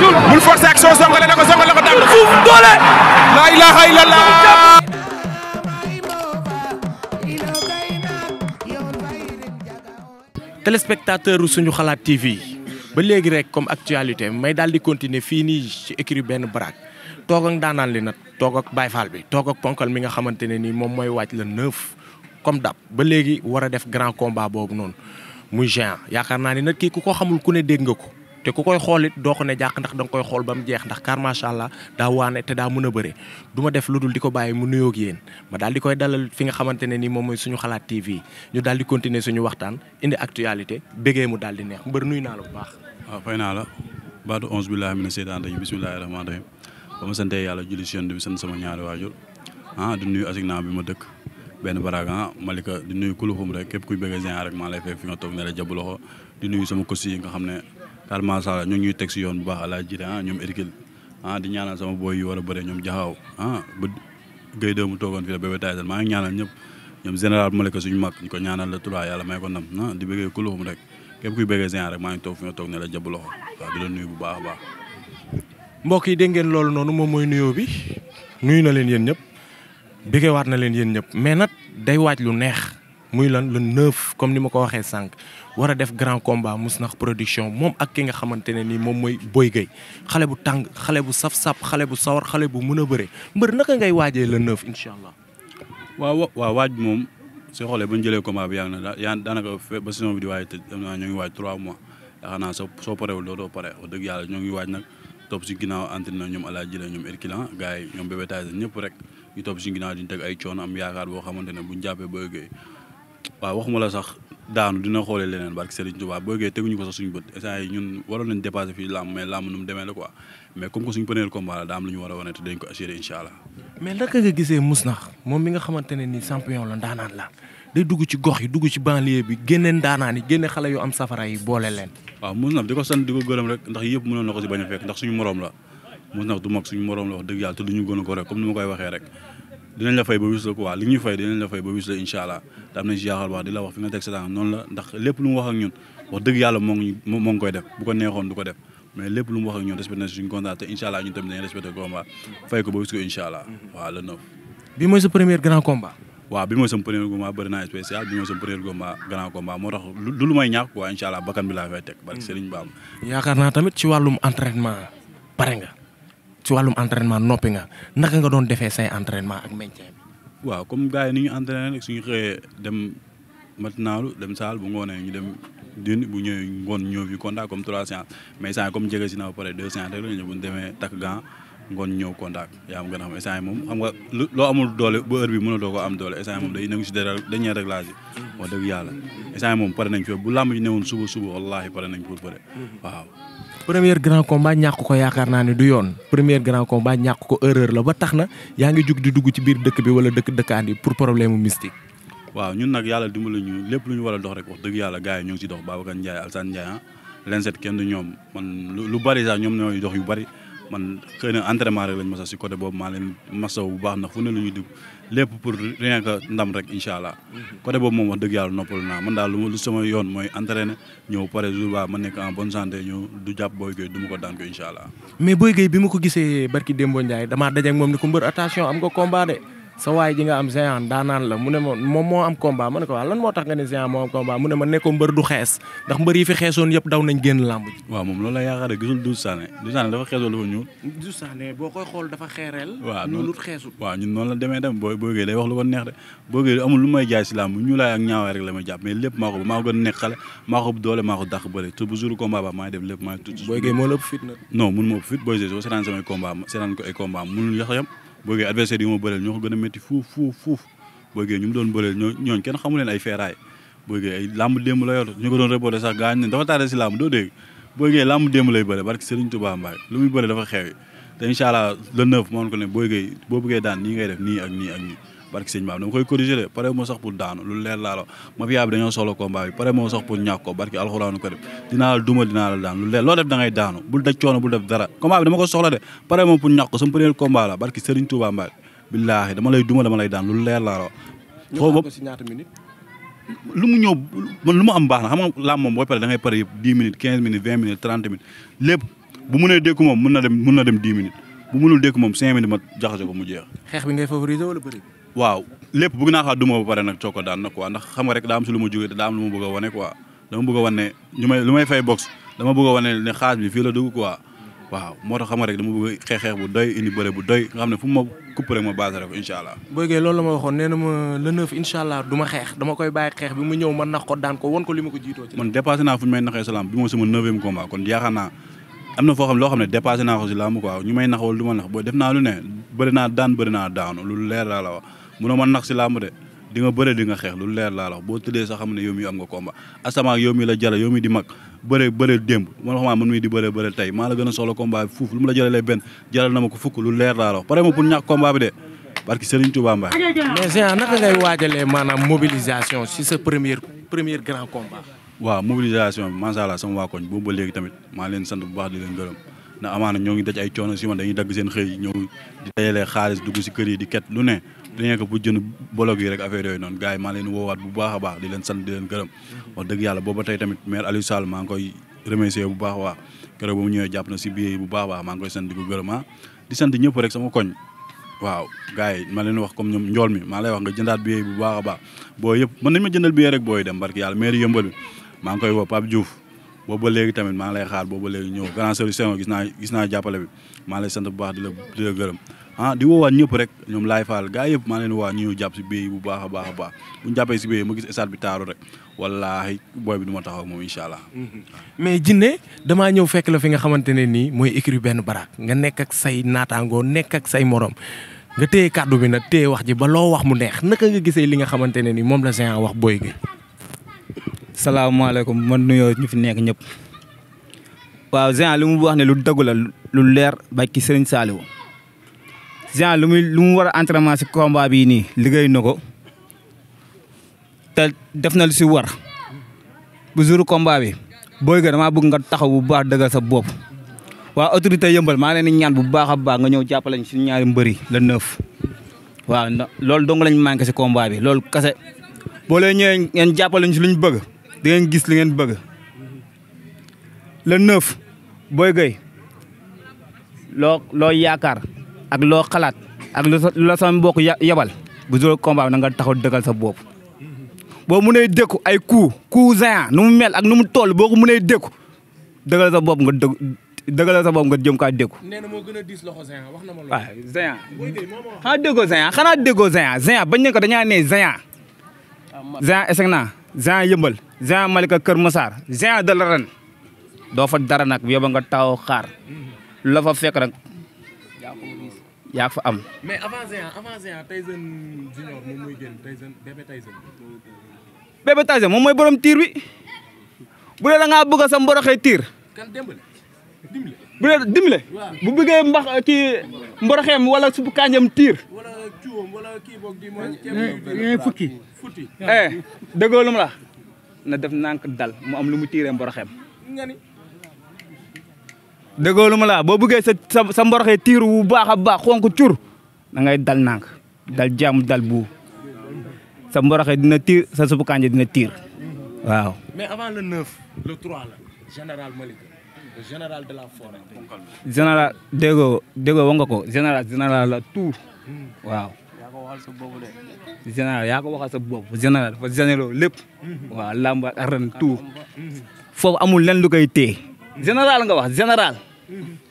Oh, bul forcer ak soo songale na ko songale na ko dàq fuuf doole. la ilaha illallah. téléspectateur suñu xalaat TV ba léegi rek comme actualité may daal di continuer fii nii ci écrit benn baraag toog ak daanaan li nag toog ak baay Fall bi toog ak ponkal mi nga xamante ne nii moom mooy wàcc la neuf comme dab ba léegi war a def grand combat boobu noonu muy géant yaakaar naa ne nag kii ku ko xamul ku ne dégg nga ko te ku koy xool it doo ko ne jàq ndax da nga koy xool ba mu jeex ndax car macha allah daa waane te daa mën a bëre du ma def lu dul di ko bàyyi mu nuyoog yéen ma daal di koy dalal fi nga xamante ne nii moom mooy suñu xalaat TV ñu daal di continuer suñu waxtaan indi actualité bégee mu daal di neex mbër nuyu naa la bu baax. waaw fay naa la baatu onze billahi mina seytaan rajim bismillahi rahmaani rahim ba ma santee yàlla julli si yéen bi sant sama ñaari waajur ah dëkk benn baraag ah Malika di nuyu kuluxum képp kuy bëgg a rek nuyu sama kosi yi nga xam ne daal macha allah ñu teg si yoon bu baax ala jire ah ñoom Erikil ah, di ñaanal sama boy yi war a bëre ñoom jaxaaw ah ba Guèye mu toogoon fii la Bébé Tyson maa ngi ñaanal ñëpp ñoom général bu ma lekk suñu mag ñu ko ñaanal la trois yàlla may ko ndam ah di bëggee kuluxum rek képp kuy bëggee général rek maa ngi toog fi nga toog ne la jàpp loxo waaw di la nuyu bu baax baax. mbokk yi dégg ngeen loolu noonu moom mooy nuyoo bi nuyu na leen yéen ñëpp bëggee waat na leen yéen ñëpp mais nag day waaj lu neex muy lan le neuf comme ni ma ko waxee sànq war a def grand combat Mousnakh production moom ak ki nga xamante ne nii moom mooy Boy Gueye xale bu tàng xale bu saf-sap xale bu sawar xale bu mën a bëre mbari naka ngay waajee le neuf incha allah. waaw waaw waaj moom soo xoolee bu ñu jëlee combat bi yàgg na yaa daanaka ba saison bi di waaj te am ñoo ngi waaj trois mois yaakaar naa soo soo parewul dootoo pare wax dëgg yàlla ñoo ngi waaj nag topp si ginnaaw entraîneur ñoom Alaaji Jële ñoom Herculan gars yi ñoom Bébé Tyson ñëpp rek ñu topp si ginnaaw di teg ay coono am yaakaar boo xamante ne bu ñu jàppee Boy Gueye waaw waxuma la sax daanu dina xoolee leneen barke Serigne Touba boo gee teguñu ko sax suñu bët instant yi ñun waroon nañ dépassé fii làmb mais làmb nu demee la quoi mais comme a wane ko mais naka moom mi nga xamante ne nii champion la ndaanaan la day dugg ci gox yi dugg ci banlieue bi génne ndaanaan yi génne xale yu am safara yi boole leen. waaw Mousnakh di ko sant di ko gërëm ndax yëpp mënoon a ko si bañ a fekk ndax suñu morom la Mousnakh du mag suñu morom la wax dëgg yàlla te duñu gën ko rek comme ni ma koy waxee rek dinañ la fay ba wis la quoi li ñuy fay dinañ la fay ba wis la incha allah te am nañ si wax di wax fi nga teg sa tànk noonu la moo ko neexoon du ko def mais lépp lu mu wax ak ñun respecté bi mooy sa premier grand combat. waaw bi mooy sama premier combat bëri naa spécial bi mooy sama premier combat grand yaakaar naa tamit ci wàllum entraînement pare nga. ci wàllum entraînement noppi nga naka nga doon defee say entraînement ak maintien waa waaw comme ni ñu entraîné rek suñu xëyee dem matinaalu dem saal bu ngoonee ñu dem dund bu ñëwee ngoon ñëw fi contact comme trois séances mais saa comme jege si na ba pare deux séances rek la ñu demee takk ngoon ñëw contact yaa ma gën a xam instant yi moom xam nga loo amul doole ba heure bi mënatoo ko am doole instant yi moom day nangu si dara dañuy wax dëgg yàlla instant moom pare nañ fi bu làmb ji newoon suba suba wallaahi pare nañ pour bëre waaw premier grand combat ñàkk ko yaakaar naa ne du yoon premier grand combat ñàkk ko erreur la ba tax na yaa ngi jug di dugg ci biir dëkk bi wala dëkk dëkkaan yi pour problème mystique waaw ñun nag yàlla dimbali ñu lépp lu ñu war a dox rek wax dëgg yàlla gars yi ñoo ngi si dox Babacar Ndiaye Alsane Ndiaye ah, lenset kenn du ñoom man lu bari sax ñoom ñooy dox yu bari man xëy na entraînement rek lañ masa si côté boobu maa leen masaw bu baax ndax fu ne lu ñuy dugg lépp pour rien ndam rek incha allah mhm. côté boobu moom wax dëgg yàlla noppalu naa man daal lu sama yoon mooy entraîné ñëw pare jour ba ma nekk en bonne santé ñëw du jàpp Boy Gueye du ma ko daan ko incha allah mais Boy Gueye bi ma ko gisee barki Dembo Ndiaye damaa daje ak moom ni ko mbër attention am nga combat de sa waay ji nga am géant daanaan la mu ne moom moo am combat ma ne ko waaw lan moo tax nga ne géant moo am combat du xees ndax mbër yi fi xeesoon yëpp daw na génn làmb ji. waaw moom loolu la yaakaar ne gisul Doudou Sané Doudou Sané dafa xeesoon dafa boo koy xool dafa xeereel. waaw ñuulut xeesul. waaw ñun noonu la demee dem booy wax lu ko neex may jaay si làmb ñuulaay a ma ëpp fit booy gay soo seetaan samay combat Boy Gueye adversaire yi ma bëreel ñoo ko Boy Gueye ñu doon bëreel ñoo kenn xamu leen ay feeraay Boy Gueye ay làmb démb la yor ñu ko doon reporté sax gaañ ne dafa tardé si làmb doo dégg Boy Gueye làmb démb lay bëre barki Serigne Touba Mbaye lu muy bëre dafa xewi te incha allah moon ko ne Boy Gueye boo bëggee daan nii ngay def nii ak nii ak barki sëñ Ba dama koy corriger de pare moo sax pour daanu lu leer laa la mafia bi dañoo soxla combat bi pare moo sax pour ñàkk ko barki alxuraanu karim dinaa la duma dinaa la daanu lu leer loo lu leer laa mu lu mu am baax na xam nga làmb pare da minutes 15 minutes 20 minutes 30 minutes lépp bu mënee dékku moom mën na dem moom 5 minutes ma jaxase ko mu jeex. waaw lépp bëgg naa xaa duma ba pare nag cooko daan na quoi ndax xam nga rek daa si lu ma jógee te lu ma bëgg a wane quoi dama bëgg a wane ne bi fii la dugg waaw moo tax xam nga rek dama bëgg xeex xeex bu doy fu ma kupp la ma waxoon nee na ma le ma xeex dama koy bàyyi xeex bi mu ñëw ma nax ko daan ko ma ko jiitoo ci man dépassé naa fu ñu may naxee salaam loo xam ne dépassé naa ko si làmb quoi ñu may nax wala naa lu ne lu leer laa la wax munoo ma nax si làmb de di nga bëre di xeex lu leer laalo boo tëddee sax xam ne yow mi am nga combat asamaa yow mi la jële yow mi di mag bëre bëre démb man xamaa man mi di bëre bëre tey maa a soxla combat bi fuuf lu mu la jëlalee benn jëlal na ma ko fukk lu leer laa la wax pare ma pour ñàkk combat bi de parce maanaam mobilisation si sa première premier grand combat waaw mobilisation bi macha allah sama waa koñ boobu ba tamit maa leen sant bu baax di leen gërëm na amaana ñoo ngi daj ay coono si man dañuy dagg seen xëy ñëw di dajalee xaalis dugg si kër yi di ket lu ne rien que pour jënd bolog yi rek affaire yooyu noonu gars maa leen woowaat bu baax a baax di leen sant di leen gërëm wax booba tey tamit maire Aliou Sall maa ngi koy remercier bu baax a baax keroog ba mu na si billet bu baax a ngi sant di ko gërëm ah di sant ñëpp rek sama koñ waaw gars yi ma leen wax comme ñoom njool mi maa lay wax nga jëndaat billet bu baax a baax booy ma jëndal billet rek booy dem barki yàlla maire maa ngi koy woo Pape Diouf boobu ba léegi maa ngi lay xaar boobu ba léegi ñëw grand gis naa gis naa jàppale bi maa lay sant bu baax di la di gërëm ah di woowaat ñëpp rek ñoom laay faal gaa yëpp maa leen waa ñu ñëw jàpp si béy bu baax a baax a baax bu ñu jàppee si béy ma gis stade bi taaru rek wallaahi booy bi du ma taxaw ak moom incha allah. Mhm. mais Djiné damaa ñëw fekk la fi nga xamante ne nii mooy écurie benn baraak nga nekk say naataangoo nekk ak say morom nga téye kàddu bi nag téye wax ji ba loo wax mu neex naka nga gisee li nga xamante ne nii moom la Géant wax Boy Gueye. salaamaaleykum man nuyoo ñu fi nekk ñëpp waaw Géant li mu wax ne lu dëgg lu leer ba ci Serigne Saliou Jean lu muy lu mu war a si combat bii nii liggéey na ko te def na lu si war bu jour combat bi booy ga damaa bëgg nga taxaw bu baax dëggal sa bopp. waa autorité yëmbal maa leen di ñaan bu baax a baax nga ñëw jàppale ñu si ñaari mbëri la neuf waaw loolu dong lañ manqué si combat bi loolu kase boo leen ñëwee ngeen jàppale ñu si luñ bëgg di ngeen gis lu ngeen bëgg la neuf booy gay loo loo yaakaar. ak loo xalaat ak lu la sama mbokk yabal bu jël combat bi na nga taxaw dëggal sa bopp. boo mënee dékku ay coup coup géant nu mu mel ak nu mu toll boo ko mënee dékku dëggal sa bopp nga dëgg dëggal sa bopp nga jëm ka dékku. nee na moo gën a diis loxo géant wax na ma loolu. waaw géant xanaa déggoo géant xanaa bañ ne ko dañaa ne géant. Ah, géant eseg naa géant yëmbal géant Malika Kër Massar géant de la ren doo fa dara nag yow nga taw xaar mm-hmm. la fa fekk yaa fa am. mais avant Géant avant Géant Tyson junior moom mooy génn Tyson bébé Tyson. bébé Tyson moom mooy borom tiir bi bu dee da ngaa bëgg sa mboroxee tiir. kan dimbale bu dee dimbale. bu bëggee mbax kii mboroxeem wala suufu kanjam tiir. wala cuwam kii boog di eh, eh, fukki fukki. Eh, dëggoo lu mu la na def nànk dal mu am lu mu tiiree mboroxeem. déggoo lu ma la boo buggee sa sa sa mboroxee tiir bu baax a baax xonk cur da ngay dal nànk dal jàmm dal bu sa mboroxee dina tiir sa suppu dina tiir waaw. mais avant le 9 le 3 la général ko général général waaw. général yaa ko waxal sa bopp général lépp. Hmm. waaw làmba ak ren tout foofu amul lenn lu koy téye. général nga wax général.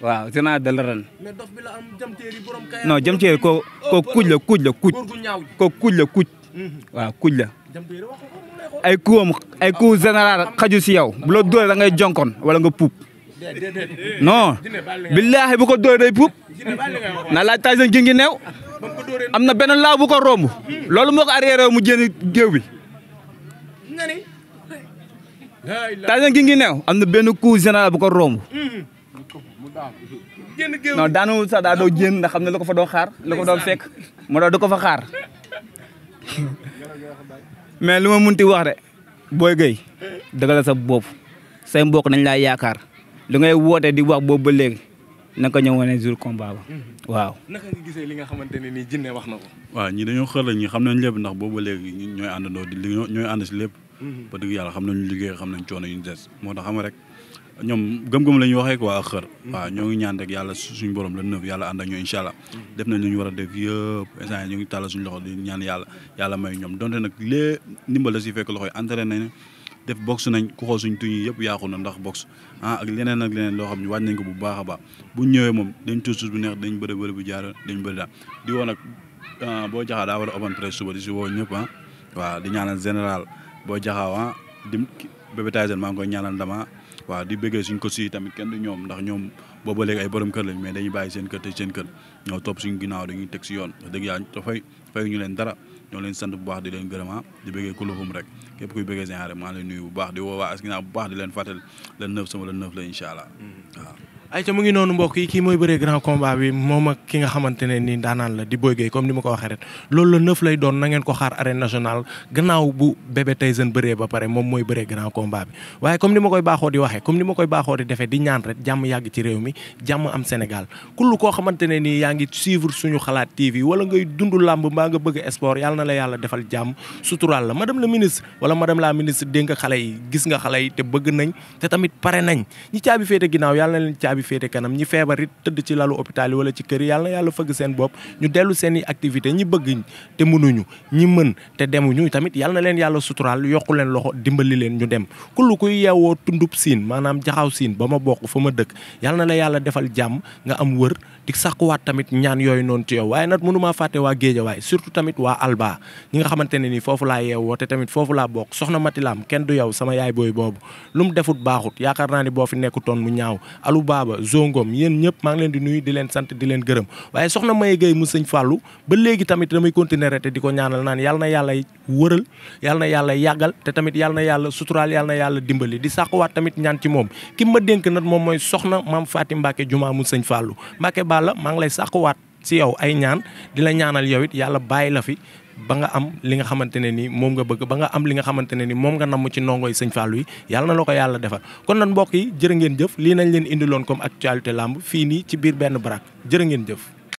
waaw général de l'arène. mais dof bi la am jëm teeri borom kayaar. non jëm teeri ko ko kuj la kuj la kuj. ko kuj la kuj. Mhm. waaw kuj la. ay kuwam ay kuw général xaju si yow bu la dóoree da ngay jonkon wala nga puub. non billaahi bu ko dóoree day puub. na laaj taay seen gingi neew. am na benn laaw bu ko romb. Hmm. loolu moo ko arrière mu jéem géew bi. Tyson ki ngi neew am na benn coup général bu ko romb. non daanu sax daa doo jéem ndax xam ne la ko fa doo xaar la ko doon fekk moo tax da ko fa xaar mais lu ma munti wax de Boy Gueye dëggal sa bopp say mbokk nañ laa yaakaar lu ngay woote di wax boobu ba léegi na ko ñëw wane jour combat ba waaw. li nga xamante ne nii jinne wax na ko. waaw ñi dañoo xër la ñi xam nañ ndax boobu ba léegi ñooy àndandoo di ñooy ànd si lépp. ba dëgg yàlla xam nañu liggéey xam nañ coono yu ñu des moo tax xam rek ñoom gëm-gëm la ñuy waxee quoi xër mm-hmm. waaw ñoo ngi ñaan rek yàlla suñ borom la neuf yàlla ànd ak ñoo incha allah mm-hmm. def lu ñu war a ñu ngi tàllal suñu loxo di ñaan yàlla yàlla may ñoom donte nag lée ndimbal la si fekk loxo yi entraîné nañ def box nañ ko xool suñ tuñu yëpp yaaxu na ndax box ah ak leneen ak leneen loo xam ne wàññi nañ ko bu baax a baax bu ñëwee moom dañ tuus tuus bu neex dañ bëri bëri bu jaar dañ bëri daal di woo nag ah, boo jaxaa daa war a open press suba di si woo ñëpp waa ah. waaw di ñaanal général boo jaxaawa dim Bébé Tyson maa ngi koy ñaanal dama ah. waaw di bëggee suñ ko si tamit kenn du ñoom ndax ñoom booba léegi ay borom kër lañ mais dañuy bàyyi seen kër te seen kër ñoo topp suñ ginnaaw dañuy teg si yoon wax dëgg yàlla dafay fay ñu leen dara ñoo leen sant bu baax di leen gërëma ah. di bëggee kulufum rek képp kuy bëggee Géant maa ngi nuyu bu baax di woo waa askan bu baax di leen fàttali le neuf sama le neuf la incha allah mm-hmm. ayca mu ngi noonu mbokk yi kii mooy bëree grand combat bi moom ak ki nga xamante ne ni daanaan la di Boy Gueye comme ni ma ko waxee ren loolu la neuf lay doon na ko xaar arène nationale gannaaw bu bébé Tyson bëree ba pare moom mooy bëree grand combat bi waaye comme ni ma koy baaxoo di waxee comme ni ma koy baaxoo di defee di ñaan rek jàmm yàgg ci réew mi jàmm am Sénégal kullu koo xamante nii yaa ngi suivre suñu xalaat TV wala ngay dund la yàlla defal jàmm suturaal la te bëgg nañ te tamit pare nañ ñi caabi féete ginnaaw féete kanam ñi feebar tëdd ci lalu hôpital yi wala ci kër yàlla yàlla fëgg seen bopp ñu dellu seeni activité ñi bëgg te mënuñu ñi mën te demuñu tamit yàlla na leen yàlla suturaal yokku leen loxo dimbali leen ñu dem kullu kuy yeewoo tundub siin maanaam jaxaw siin ba ma bokk fa ma dëkk yàlla na la yàlla defal jàmm nga am wër di sàkkuwaat tamit ñaan yooyu noonu ci yow waaye nag mënumaa fàtte waa Géejawaay surtout tamit waa Alba ñi nga xamante ne nii foofu laa yeewoo te tamit foofu laa bokk soxna matilaam kenn du yow sama yaay booy boobu lu mu defut baaxut yaakaar naa ni boo fi nekkutoon mu ñaaw alu baaba zongoom yéen ñëpp maa ngi leen di nuyu di leen sant di leen gërëm waaye soxna Maye Gueye mu sëñ Fallou ba léegi tamit damay continuer rek di ko ñaanal naan yàlla na yàlla wëral yàlla na yàlla yàggal te tamit yàlla na yàlla suturaal yàlla na yàlla dimbali di sàkkuwaat tamit ñaan ci moom ki ma dénk nag moom mooy soxna maam Fatim Mbacke Juma mu sëñ Fallou Mbacke Balla maa ngi lay sàkkuwaat si yow ay ñaan di la ñaanal yow it yàlla bàyyi la fi ba nga am li nga xamante ne nii moom nga bëgg ba nga am li nga xamante ne nii moom nga namm ci ndongo yi sëñ Fallou yi yàlla na la ko yàlla defal kon nag mbokk yi jërë ngeen jëf lii nañ leen indiloon comme actualité làmb fii nii ci biir benn barak jërë ngeen jëf